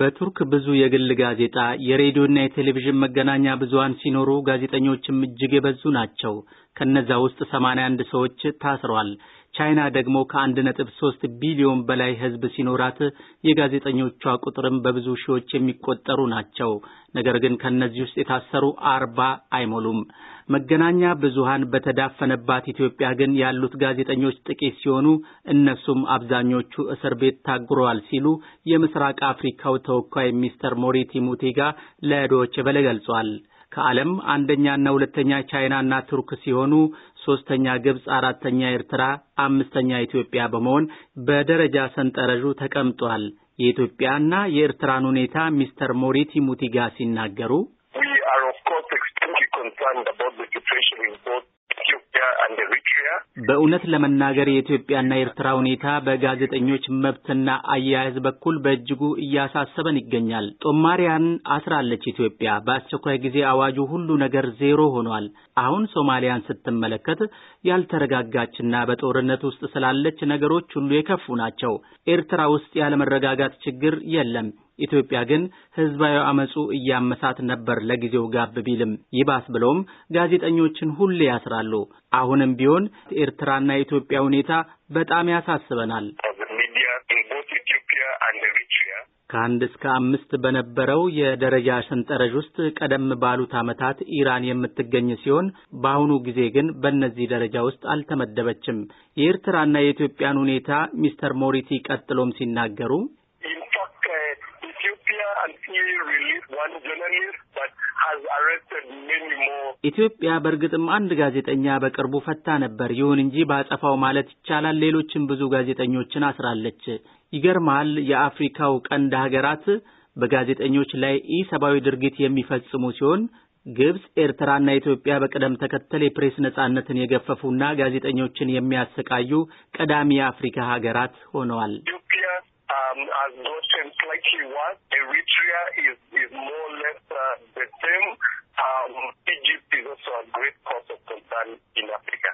በቱርክ ብዙ የግል ጋዜጣ፣ የሬዲዮና የቴሌቪዥን መገናኛ ብዙሃን ሲኖሩ ጋዜጠኞችም እጅግ የበዙ ናቸው። ከነዛ ውስጥ 81 ሰዎች ታስረዋል። ቻይና ደግሞ ከአንድ ነጥብ ሶስት ቢሊዮን በላይ ህዝብ ሲኖራት የጋዜጠኞቿ ቁጥርም በብዙ ሺዎች የሚቆጠሩ ናቸው። ነገር ግን ከእነዚህ ውስጥ የታሰሩ አርባ አይሞሉም። መገናኛ ብዙሃን በተዳፈነባት ኢትዮጵያ ግን ያሉት ጋዜጠኞች ጥቂት ሲሆኑ እነሱም አብዛኞቹ እስር ቤት ታጉረዋል ሲሉ የምስራቅ አፍሪካው ተወካይ ሚስተር ሞሪቲ ሙቴጋ ለዶይቼ ቬለ ገልጿል። ከዓለም አንደኛና ሁለተኛ ቻይናና ቱርክ ሲሆኑ ሶስተኛ ግብፅ፣ አራተኛ ኤርትራ፣ አምስተኛ ኢትዮጵያ በመሆን በደረጃ ሰንጠረዡ ተቀምጧል። የኢትዮጵያና የኤርትራን ሁኔታ ሚስተር ሞሪ ቲሙቲጋ ሲናገሩ በእውነት ለመናገር የኢትዮጵያና የኤርትራ ሁኔታ በጋዜጠኞች መብትና አያያዝ በኩል በእጅጉ እያሳሰበን ይገኛል። ጦማሪያን አስራለች ኢትዮጵያ። በአስቸኳይ ጊዜ አዋጁ ሁሉ ነገር ዜሮ ሆኗል። አሁን ሶማሊያን ስትመለከት ያልተረጋጋችና በጦርነት ውስጥ ስላለች ነገሮች ሁሉ የከፉ ናቸው። ኤርትራ ውስጥ ያለመረጋጋት ችግር የለም። ኢትዮጵያ ግን ህዝባዊ አመፁ እያመሳት ነበር ለጊዜው ጋብ ቢልም። ይባስ ብለውም ጋዜጠኞችን ሁሌ ያስራሉ። አሁንም ቢሆን ኤርትራና የኢትዮጵያ ሁኔታ በጣም ያሳስበናል። ከአንድ እስከ አምስት በነበረው የደረጃ ሰንጠረዥ ውስጥ ቀደም ባሉት ዓመታት ኢራን የምትገኝ ሲሆን በአሁኑ ጊዜ ግን በእነዚህ ደረጃ ውስጥ አልተመደበችም። የኤርትራና የኢትዮጵያን ሁኔታ ሚስተር ሞሪቲ ቀጥሎም ሲናገሩ ኢትዮጵያ በእርግጥም አንድ ጋዜጠኛ በቅርቡ ፈታ ነበር። ይሁን እንጂ በአጸፋው ማለት ይቻላል ሌሎችም ብዙ ጋዜጠኞችን አስራለች። ይገርማል። የአፍሪካው ቀንድ ሀገራት በጋዜጠኞች ላይ ኢሰብአዊ ድርጊት የሚፈጽሙ ሲሆን ግብጽ፣ ኤርትራና ኢትዮጵያ በቅደም ተከተል የፕሬስ ነጻነትን የገፈፉና ጋዜጠኞችን የሚያሰቃዩ ቀዳሚ የአፍሪካ ሀገራት ሆነዋል። um, ኢን አፍሪካ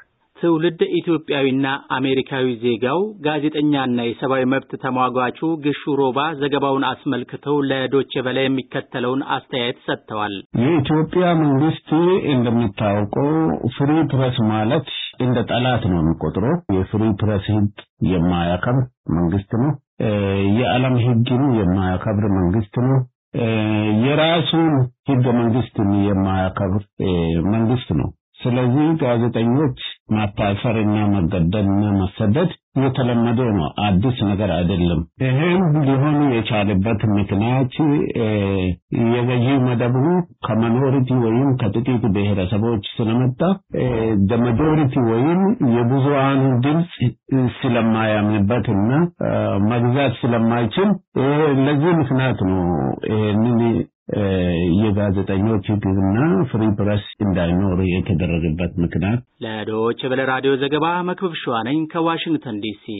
ትውልድ ኢትዮጵያዊና አሜሪካዊ ዜጋው ጋዜጠኛና የሰብአዊ መብት ተሟጓቹ ግሹ ሮባ ዘገባውን አስመልክተው ለዶቼ ቬለ የሚከተለውን አስተያየት ሰጥተዋል። የኢትዮጵያ መንግስት እንደሚታወቀው ፍሪ ፕረስ ማለት እንደ ጠላት ነው የሚቆጥረው። የፍሪ ፕረስ ህግ የማያከብር መንግስት ነው። የዓለም ህግን የማያከብር መንግስት ነው። የራሱን ህገ መንግስትን የማያከብር መንግስት ነው። ስለዚህ ጋዜጠኞች ማታፈርና መገደልና መሰደድ የተለመደ ነው፣ አዲስ ነገር አይደለም። ይህም ሊሆኑ የቻለበት ምክንያት የገዢ መደቡ ከማኖሪቲ ወይም ከጥቂት ብሔረሰቦች ስለመጣ ደመጆሪቲ ወይም የብዙሃኑ ድምፅ ስለማያምንበት እና መግዛት ስለማይችል ለዚህ ምክንያት ነው ይህንን የጋዜጠኞች ግና ፍሪ ፕረስ እንዳይኖር የተደረገበት ምክንያት። ለዶይቼ ራዲዮ ዘገባ መክብብ ሸዋነኝ ከዋሽንግተን ዲሲ